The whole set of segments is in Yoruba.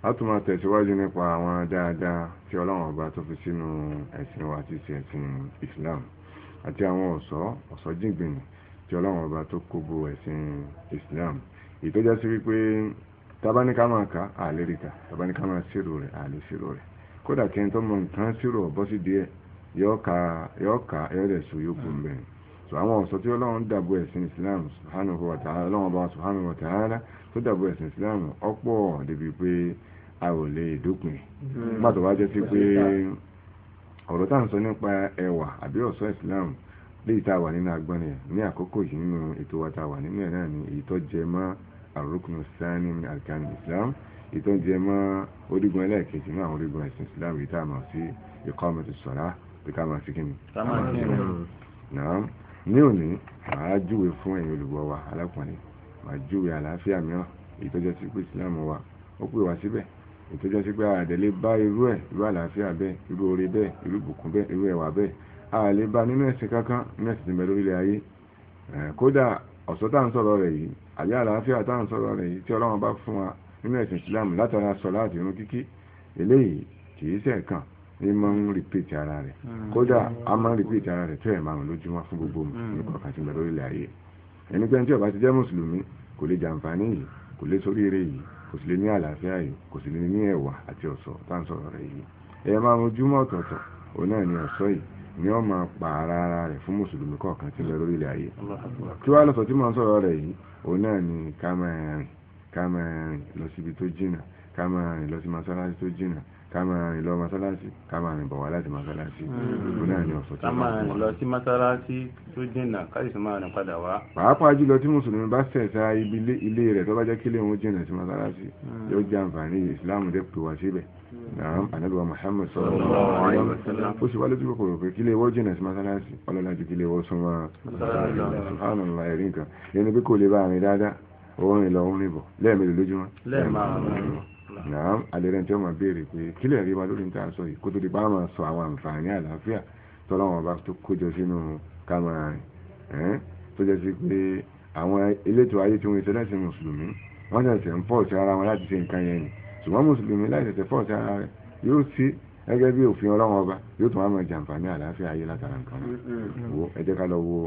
a tún máa tẹ̀síwájú nípa àwọn dáadáa tí ọlọ́run ọba tó fi sínú ẹ̀sìn wa ti ẹ̀sìn Islam àti àwọn ọ̀ṣọ́ ọ̀ṣọ́ jìngbìnì tí ọlọ́run ọba tó kó ẹ̀sìn Islam èyí tó jásí wípé tabaníkà máa ka àlérìkà tabaníkà máa ṣírò rẹ̀ àlè ṣírò rẹ̀ kódà kí n tó mọ nǹkan ṣírò ọ̀bọ́ sí díẹ̀ yọ ka yọ ka yọ dẹ̀ sọ yókù mbẹ́ so àwọn ọ̀ṣọ́ tí ọlọ́run dàbò ẹ̀sìn Islam subhanahu wa ta'ala ọlọ́run ọba subhanahu wa ta'ala tó dàbò ẹ̀sìn Islam ọ̀pọ̀ débi pé a ò lè dópin hmm. nígbà tó bá jẹ́ sí hmm. pé hmm. ọ̀rọ̀ tá à ń sọ nípa ẹwà àbí ọ̀ṣọ́ Islam léyìí tá a wà nínú agbọ́n yẹn ní àkókò yìí nínú ètò wa tá a wà nínú ẹ̀ náà ni èyí tó jẹ mọ́ àrùkùnú sani alkan Islam èyí tó jẹ mọ́ orígun ẹlẹ́ẹ̀kejì ní àwọn orígun ẹ̀sìn Islam èyí tá a mọ̀ sí ìkọ́mọ̀tò sọ̀rá pé ká máa fi kí ni. ká máa fi kí ni. ní òní màá júwe fún ẹ̀yin olùgbọ́ wa alákùnrin wàá júwe àlàáfíà mìíràn ìtọ́jọ́ sí pé islam wa ó pè wá síbẹ̀ ìtọ́jọ́ sí pé àdẹ̀lé bá irú ẹ̀ irú àlàáfíà bẹ́ẹ̀ irú oore bẹ́ẹ̀ irú ìbùkún bẹ́ẹ̀ irú ẹ̀wà bẹ́ẹ̀ àlè bá nínú ẹ̀sìn kankan nínú ẹ̀sìn tìǹbẹ̀ lórílẹ̀ ayé kódà ọ̀sọ́ tá à ń sọ̀rọ̀ rẹ̀ yìí àbí àlàáfíà tá à ń sọ̀rọ̀ rẹ̀ yìí tí ọlọ́run bá fún wa nínú ẹ̀sìn islam látara sọ láti irun kíkí eléyìí kì í ṣẹ̀kan ní máa ń rìpíìtì ara rẹ̀ hmm. kódà a máa ń rìpíìtì ara rẹ̀ tó ẹ̀ márùn lójúmọ́ fún gbogbo mi nípa kàtìmẹ̀ lórílẹ̀ ayé ẹni pé tí ó bá ti jẹ́ mùsùlùmí kò lè jàǹfààní yìí kò lè ṣoríire yìí kò sì lè ní àlàáfíà yìí kò sì lè ní ẹwà àti ọ̀ṣọ́ tá à ń sọ̀rọ̀ rẹ̀ yìí ẹ̀yẹ máa ojúmọ́ ọ̀tọ̀ọ̀tọ̀ òun náà ni ọ̀ṣọ́ yìí ni ó máa pa ara ara rẹ̀ fún mùsùlùmí kọ̀ọ̀kan tí ń lọ lórí ayé kí wàá lọ́sọ̀ tí mò ń sọ̀rọ̀ rẹ̀ yìí òun náà ni ká máa rìn ká máa rìn lọ síbi tó jìnnà ká máa rìn lọ sí masalasi tó jìnnà Kama máa rìn lọ mọ́sálásí ká máa rìn bọ̀ wá mm. ni ọ̀sọ̀ tí wọ́n máa ń ká máa rìn lọ sí mọ́sálásí tó dènà káyì sí máa rìn padà wá. pàápàá jùlọ tí mùsùlùmí bá sẹ̀sà ilé rẹ̀ tó bá jẹ́ kílé òun jìnà sí mọ́sálásí mm. yóò jẹ́ àǹfààní ìsìláàmù dé pè wá síbẹ̀ mm. naam anabiwa muhammad sallallahu alaihi wa sallam ó sì wá lójú kile pé kílé wọ́n jìnà sí mọ́sálásí ọlọ́lá ju kílé wọ́n súnmọ́ subhanallah ẹ̀rí nǹkan yẹn ni pé kò lè bá àrin orin ni orin bọ̀ lẹ́ẹ̀mẹ́lẹ̀ lójúmọ́ lẹ́ẹ̀mẹ́lẹ̀ náà alẹ́rẹ́ tí wọ́n máa béèrè pé kílẹ̀ rí wa lórí níta sọ yìí kó tó di bá máa sọ àwọn àǹfààní àlàáfíà tọ́lọ́wọ́n bá tó kójọ sínú kámà rìn tó jẹ́ sí pé àwọn elétò ayé tí wọ́n ṣe láti mùsùlùmí wọ́n ṣẹ̀ṣẹ̀ ń fọ́ọ̀sì ara wọn láti ṣe nǹkan yẹn ni ṣùgbọ́n mùsùlùmí láì ṣẹ̀ṣẹ̀ fọ́ọ̀sì ara rẹ̀ yóò sí gẹ́gẹ́ bí òfin ọlọ́run ọba yóò tún wá máa jàǹfààní àlàáfíà ayé látara nǹkan wo ẹ ká lọ wo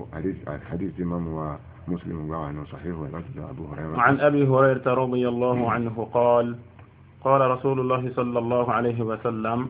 hadith tí mọ́mú wa مسلم وعن صحيح ولفظ أبو هريرة عن أبي هريرة رضي الله عنه قال قال رسول الله صلى الله عليه وسلم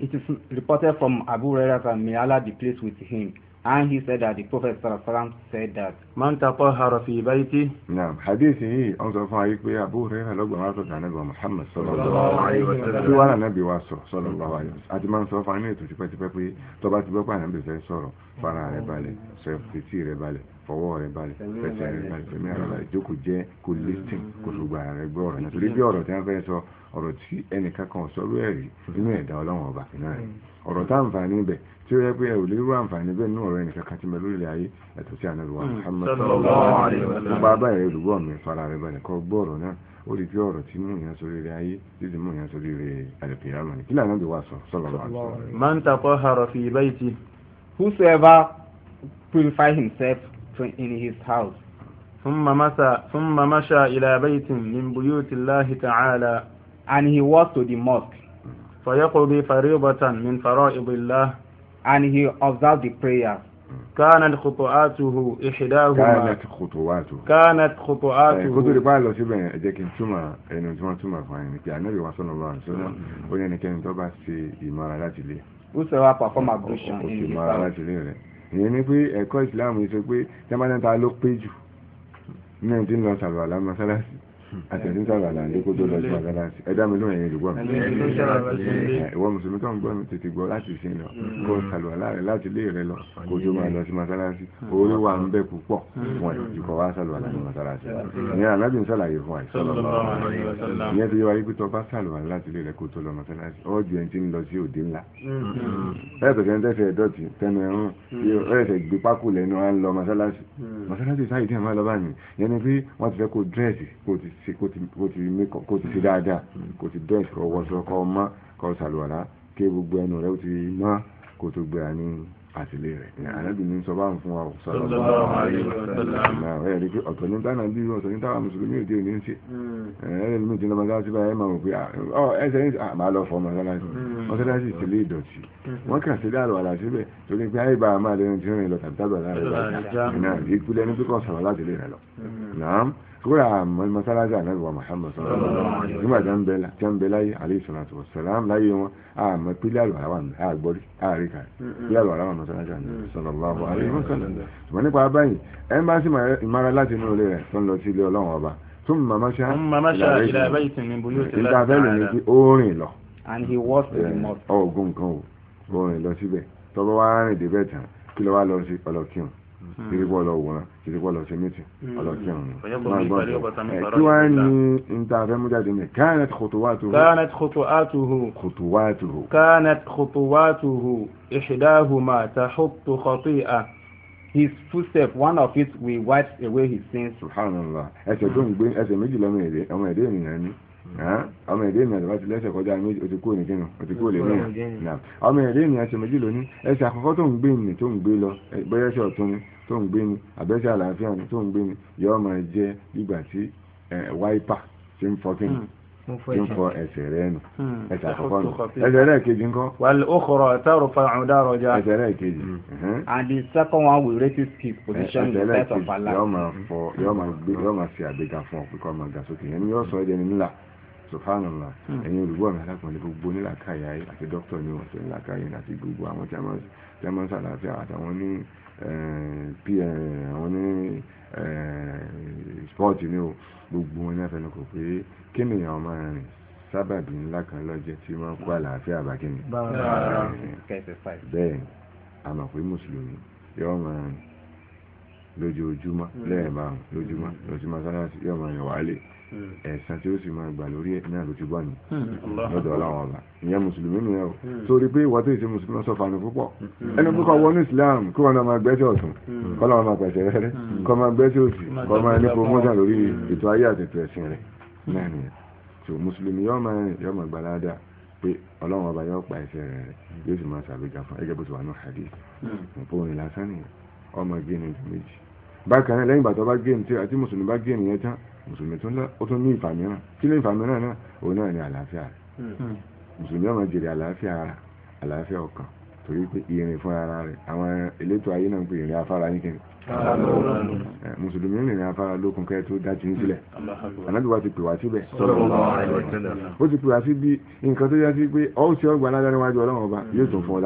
It is reported from Abu Hurairah may Allah be pleased with him and he said that the Prophet sallam said that. Man tatahhara fi bayti. Naam hadithi yìí ọ̀n sọ fún ayé pé Abu Hurairah lọ́gbọ̀n wa sọ̀tà náà gbọ̀n Muhammad sallallahu alaihi wa sallam. Tí wàhálà náà bí wa sọ sallallahu alaihi wa sallam. Àti máa ń sọ fún ayé ètò tipẹ́tipẹ́ pé tọ́ba ti gbọ́ pàdánù bẹ̀rẹ̀ sọ̀rọ̀ fara rẹ̀ balẹ̀ sọ fìtì rẹ̀ balẹ̀ fọwọ́ rẹ balẹ̀ fẹsẹ̀ rẹ balẹ̀ fẹ̀mí ara rẹ jókòó jẹ́ kó mm. listen kó tó gba ara rẹ gbọ́ ọ̀rọ̀ yẹn bí ọ̀rọ̀ tí wọ́n fẹ́ sọ ọ̀rọ̀ tí ẹnìkan kan sọ́rọ́ ẹ̀rí nínú ẹ̀dá ọlọ́run ọba náà rẹ̀ mm. ọ̀rọ̀ tá àǹfààní bẹ̀ tí ó yẹ pé ẹ̀rù lérú àǹfààní bẹ́ẹ̀ nínú ọ̀rọ̀ ẹnìkan kan ti mẹ́ lórí ayé ẹ̀tọ́ sí àná mm. whosoever purify himself in his house ثم مشى إلى بيت من بيوت الله تعالى and he walked to the mosque فيقضي فريضة من فرائض الله and he observed the prayer كانت خطواته إحداهما كانت خطواته كانت خطواته كنت ربا لو سيبا جاكين توما إنه توما توما كي النبي صلى الله عليه وسلم ونحن كان توبا سي إمارة لاتي لي Whosoever perform ablution in his ìyẹn ni pé ẹ̀kọ́ ìsìláàmù yìí sọ pé tẹ́mátẹ́ta ló pé jù ní ẹni tí ń lọ sàlùwàlá àtẹ̀sí sọ̀rọ̀ àlàyé kó tó lọ sí àgbàlá sí ẹ̀dá mi lóyún ẹ̀yìn ìgbọ́ ìwọ mùsùlùmí tó ń gbọ́ mi tètè gbọ́ láti sin lọ mm. kó sàlùwàlá rẹ láti ilé rẹ lọ kó tó máa lọ sí masalasi orí wa ń bẹ púpọ̀ wọn ti kọ̀ wá sàlùwàlá ní masalasi ní alábì ń sàlàyé fún àìsí ìyẹn tó yẹ wáyé pé tó bá sàlùwàlá láti ilé rẹ kó tó lọ masalasi ọ́ ju ẹni tí ń lọ sí òde ńlá ẹ̀ẹ́dọ̀ tẹ́ ń tẹ́sẹ̀ dọ̀tí tẹnu ẹ̀rún mm. ẹ̀ẹ́sẹ̀ gbé pákó lẹ́nu à ń lọ masalasi masalasi mm. sáyé tí a máa lọ bá mi yẹn ni pé wọ́n ti fẹ́ kó dírẹ́sì ṣe kó ti mẹ́kọ̀ kó ti ṣe dáadáa kó ti dọ́ ìṣòro wọ́sọ kọ́ ọmọ kọ́ ṣàlùwàlá kí gbogbo ẹnu rẹ̀ ó ti mọ́ kó tó gbé ní àtìlé rẹ̀ ànábì ní sọ bá ń fún wa ò sọ̀rọ̀ bá ẹ̀ rí pé ọ̀tọ̀ ní dáná bí ọ̀tọ̀ ní táwa mùsùlùmí òde òní ń ṣe hmm. ẹ̀rẹ́ mi ti lọ́mọdé láti báyìí máa mọ̀ pé ọ ẹsẹ̀ ní àmà lọ fọ́ mọ́sálásí hmm. mọ́sálásí ìtìlé ìdọ̀tí hmm. wọ́n kà sí dáàlọ́ àlà síbẹ̀ torí pé àyè bá a máa lẹ́nu tí ó rìn lọ tàbí tábà láàrin lọ kúrò àmọ́ mọ́sálásí ànábì wa Muhammad sọ̀rọ̀ nígbà tí wọ́n bẹ láyé alayhi salatu wa salam láyé wọn àmọ́ pílẹ̀ àlùwàlá wà mí àgbọ́rí àárí kan pílẹ̀ àlùwàlá wà mọ́sálásí ànábì sallallahu alayhi wa sallam. ṣùgbọ́n nípa báyìí ẹ̀ńbáṣí ìmára láti inú ilé rẹ̀ tó ń lọ sí ilé ọlọ́run ọba tún màmáṣá ìlà ẹ̀bá ìsinmi bóyá ó ti láti àárẹ̀ kí ló wá lọ sí ọlọ́kíun kìí pọ̀ lọ wòran kìí pọ̀ lọ sí mítì ọlọ́kìrùn ní. kí wàá ní ntaafẹ́ mú jáde ní kánat khutuwatuhu. kánat khutuwatuhu. khutuwatuhu. kánat khutuwatuhu ihdahuma tahuttu khati'a. His footstep, one of it will wipe away his sins. Subhanallah. Ẹsẹ̀ tó ń gbé ẹsẹ̀ méjìlá ọmọ èdè ènìyàn ni. ọmọ èdè ènìyàn tàbí lẹ́sẹ̀ kọjá méjì o ti kúrò ní kínú o ti kúrò lẹ́yìn náà ọmọ èdè lónìí tó ń gbé ni tó ń gbé lọ bóyá ẹsẹ̀ ọ̀tún ni tó ń gbé ni àbẹ́sẹ̀ àlàáfíà ni tó ń gbé ni yóò máa jẹ́ gbígbà tí wáípà ṣe ń fọ́ kínú hmm. ń fọ ẹsẹ̀ rẹ nù hmm. ẹsẹ̀ nù ẹsẹ̀ rẹ kejì hmm. and the second one will rate position in the of sọfánàlá hmm. ẹ̀yin olùgbọ́ mi alákùnrin gbogbo nílàkàyà àti dókítà ní wọ́n tó nílàkàyà àti gbogbo àwọn tí a máa ń sàlàáfíà àtàwọn ní eh, eh, àwọn ní eh, spọ́ọ̀tì ní o gbogbo wọn ní afẹnukò pé kí ni àwọn máa rìn sábàbí ńlá kan lọ́jẹ́ tí wọ́n kó àlàáfíà bá kí ni. bẹ́ẹ̀ a mọ̀ pé mùsùlùmí yóò máa rìn lójoojúmọ́ hmm. lẹ́ẹ̀márùn hmm. lójúmọ́ lójúmọ́ sáyẹ́nsì yóò máa yọ̀ wálé hmm. ẹ̀sán tí ó sì máa gbà lórí ẹ̀ náà ló ti bọ́ ni lọ́dọ̀ ọláwọn ọba ìyẹn mùsùlùmí nìyẹn o torí pé ìwà tó ìṣe mùsùlùmí sọ fani púpọ̀ ẹni púpọ̀ wọnú Islam kí wọn náà máa gbẹ́sẹ̀ ọ̀tún kọ́ làwọn máa pẹ̀sẹ̀ rẹ́rẹ́ kọ́ máa gbẹ́sẹ̀ òsì kọ́ máa ní promotion lórí ètò ayé àti ètò ẹ̀sìn rẹ̀ náà nìyẹn so mùsùlùmí yóò máa yóò máa gbalada pé ọlọ́run ọba yóò ọmọ géèmù méjì bákan náà lẹ́yìn ìgbà tó bá géèmù tí àti mùsùlùmí bá géèmù yẹn tán mùsùlùmí tó ńlá ó tún ní ìfà mìíràn kí ló ìfà mìíràn náà òun náà ní àlàáfíà hmm. mùsùlùmí ọmọ jèrè àlàáfíà ara àlàáfíà ọkàn torí pé irin fún ara rẹ̀ àwọn elétò ayé náà ń pè irin afárá ní kíni eh, mùsùlùmí ń rìnrìn afárá lókun kẹ́ tó dájú ní sílẹ̀ anábì wa ti pè wá síbẹ̀ ó ti pè wá sí bí nǹkan tó yá sí pé ọ́ ti ọgbà aládá níwájú ọlọ́run ọba yóò tún fọ́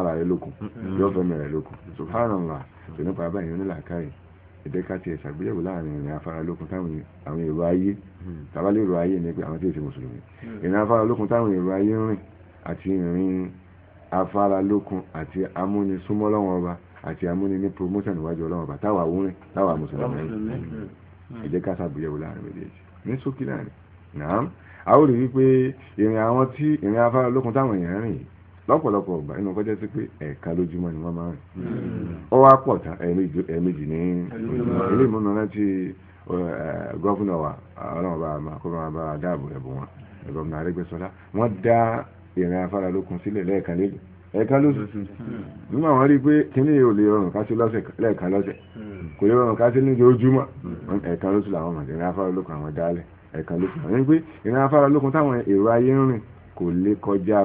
ara rẹ̀ lókun mm-hmm. yóò fẹ́ mẹ́rẹ̀ lókun subhanallah tó nípa báyìí ní làákàyè ìdẹ́ka ti ẹ̀sà gbéyàwó láàrin ìrìn afárá lókun táwọn àwọn èrò ayé mm-hmm. tàbálẹ̀ èrò ayé ní pé àwọn tí ì afáralókun àti amúnisúnmọ́ lọ́wọ́n ọba àti amúni ní promotion ìwájú ọlọ́wọ́n ọba táwa wúrin táwa mùsùlùmí ẹ jẹ́ ká ṣàgbéyẹ̀wò láàrin méjèèjì ní ṣókí láàrin náà a ó rí wípé ìrìn àwọn tí ìrìn afáralókun táwọn èèyàn rìn yìí lọ́pọ̀lọpọ̀ ọgbà inú kọjá sí pé ẹ̀ka lójúmọ́ ni wọ́n máa ń rìn ó wá pọ̀ tán ẹ̀ẹ̀mejì ní ilé ìmúna láti gọ́fúnà wa ọlọ́run bá a kó máa bá a dáàbò ẹ̀bùn wọn gọ́fúnà Arẹ́gbẹ́ṣọlá wọ́n dá ìrìn afárá lókun sílẹ̀ lẹ́ẹ̀kan lẹ́yìn ẹ̀ka lóṣù nígbà wọn rí i pé kíní ò lè rọrùn ká sí lẹ́ẹ̀kan lọ́sẹ̀ kò lè rọrùn ká sí ní ojoojúmọ́ ẹ̀ka lóṣù làwọn mọ̀ ìrìn afárá àwọn dálẹ̀ ẹ̀ka lóṣù pé ìrìn afárá táwọn èrò ayé ń rìn kò lè kọjá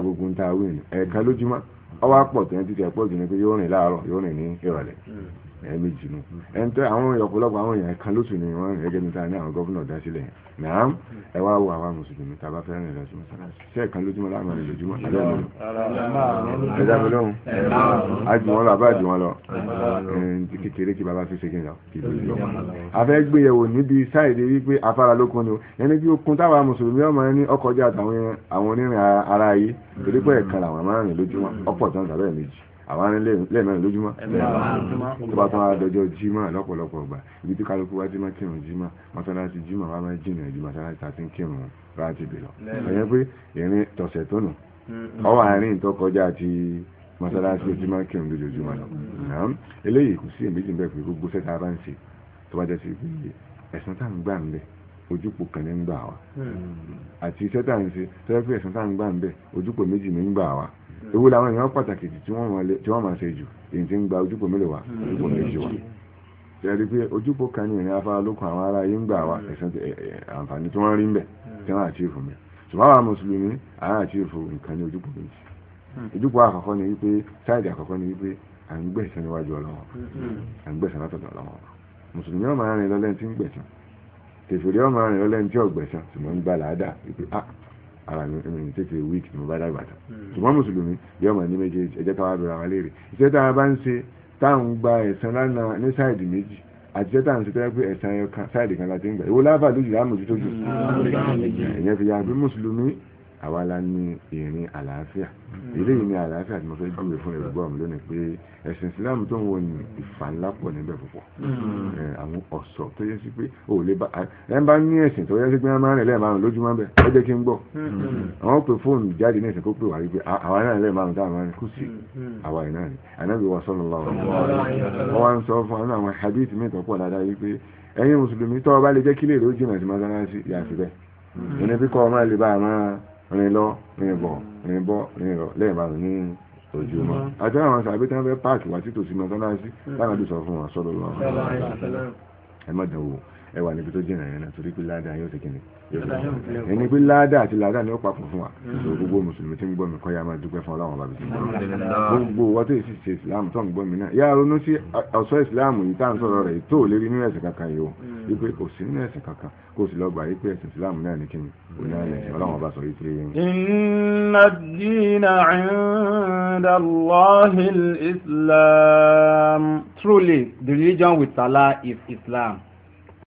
ẹ̀ méjì nù ẹ̀ ń tẹ́ àwọn ọ̀pọ̀lọpọ̀ àwọn èèyàn kan lóṣù ni wọ́n rìn gẹ́gẹ́ níta ní àwọn gọ́vùnà dá sílẹ̀ náà ẹ wá wo àwa mùsùlùmí tá a bá fẹ́ rìn lọ sí mọ́sálásí ṣé ẹ̀kan lójúmọ́ láàmú rẹ̀ lójúmọ́ àbẹ́ mi ẹ dá mi lóhùn àjù wọn lọ àbá àjù wọn lọ kékeré kí baba fi ṣe kéèyàn kí lọ. àfẹ́ gbéyẹ̀wò níbi sáìdì wípé afárá lókun ni ẹni bí okun táwa mùsùlùmí ọmọ ẹni ọkọjá àtàwọn onírìn ara yìí torí pé làwọn máa rìn lójúmọ́ ọ̀pọ̀ tán tàbí méjì àwa ní lẹ́ẹ̀mẹ́rin lójúmọ́ tó bá tán àdọ́jọ́ jimá lọ́pọ̀lọpọ̀ ọgbà ibi tí kálukú wá ti kírun jimá mọ́sálásí wá máa jìnà àti kírun ráàtì ẹ̀yẹ́ pé ìrìn tọ̀sẹ̀ mm-hmm. ọwọ́ àárín tó kọjá ti mọ́sálásí kírun lójoojúmọ́ lọ. Mm-hmm. eléyìí kò sí pé gbogbo sẹ́ta bá ń ṣe tó bá jẹ́ sí ẹ̀sán tá ń gbà ń bẹ̀ ojúpò Mm. ewu làwọn èèyàn pàtàkì tí wọ́n máa ṣe jù èyí tí ń gba ojúbọ mélòó wa ojúbọ méjì wa tẹ́lẹ̀ pé ojúbọ kan ní ìrìn afárá lókun àwọn ará yìí ń gbà wá ẹ̀sán àǹfààní tí wọ́n rí ń bẹ̀ mm. tí wọ́n àti ìfún mi ṣùgbọ́n àwọn mùsùlùmí àwọn àti ìfún nǹkan ní ojúbọ méjì mm. ojúbọ àkọ́kọ́ ni wípé sáìdì àkọ́kọ́ ni wípé à ń gbẹ̀sán níwájú ọlọ́wọ́ mm-hmm. à ń gbẹ̀sán látọ̀dọ̀ ọlọ́wọ́ mùsùlùmí ọmọ arìnrìn lọ́lẹ́ni tí ń gbẹ̀sán tèfèrè ọmọ arìnrìn lọ́lẹ́ni tí ọ̀gbẹ̀sán ṣùgbọ́n ń gbà láàdà wípé ah ara mi mi tètè wíìkì tí mo bá dàgbà tán hmm. ṣùgbọ́n mùsùlùmí bí ọmọ ní méjèèjì ẹ̀jẹ̀ tá a wá bẹ̀rẹ̀ àwọn léèrè iṣẹ́ tá a bá ń ṣe tá à ń gba ẹ̀san lánàá ní sáìdì méjì àti iṣẹ́ tá à ń ṣe tẹ́lẹ̀ pé ẹ̀san sáìdì kan la ti ń gbà ìwọ láfà lójú láàmójútójú hmm. ìyẹn fi yà bí mùsùlùmí àwa la ní ìrìn àlàáfíà eléyìí ni àlàáfíà tí mo fẹ́ júwe fún ìrọ̀gbọ́n mi lónìí pé ẹ̀sìn Islam tó ń wo ni ìfà ńlá pọ̀ níbẹ̀ púpọ̀ hmm. àwọn ọ̀sọ̀ tó yẹ sí pé ò lè bá ẹ ń bá ní ẹ̀sìn tó yẹ sí pé wọ́n máa ń rìn lẹ́ẹ̀márùn lójúmọ́ bẹ́ẹ̀ ó jẹ́ kí n gbọ́ hmm. àwọn pè fóònù jáde ní ẹ̀sìn kó pè wá rí pé àwa náà lẹ́ẹ̀márùn táwọn máa ń kú sí hmm, àwa náà ni ànábì wa sallallahu alaihi wasallam wọ́n wá ń sọ fún àwọn hadith mi tọ́pọ̀ dáadáa wípé ẹ̀yin mùsùlùmí tó bá lè jẹ́ kílè lójúmọ̀ sí mọ́sálásí yà síbẹ̀ ẹni bí kọ́ ọ máa lè bá a máa rìn lọ rìn bọ̀ rìn bọ̀ rìn lọ lẹ́yìn bá ní ojúmọ́ mm-hmm. àti àwọn sàbí tí wọ́n fẹ́ páàkì wá sí tòsí mọ́tọ́lá sí láwọn àdúsọ fún wọn sọ́dọ̀ lọ́wọ́ ẹ má dánwò ẹ níbi tó jìnnà yẹn torí pé ládàá yóò ti kìnnì ẹni pé ládàá àti ládàá ni ó papọ̀ fún wa mm. so gbogbo mùsùlùmí tí ń gbọ́ mi kọ́ ya máa dúpẹ́ fún ọlọ́run bàbá tí ń gbọ́ gbogbo wa tó sì islam tó ń gbọ́ mi náà yára ronú sí ọ̀ṣọ́ islam yìí tá à ń sọ̀rọ̀ rẹ̀ tó lè rí nínú ẹ̀sìn kankan yìí o mm. wípé kò sí nínú ẹ̀sìn kankan kó sì lọ gbà pé ẹ̀sìn islam náà ní kíni ọlọ́run bá sọ inna dina inda Islam truly the religion with Allah is Islam.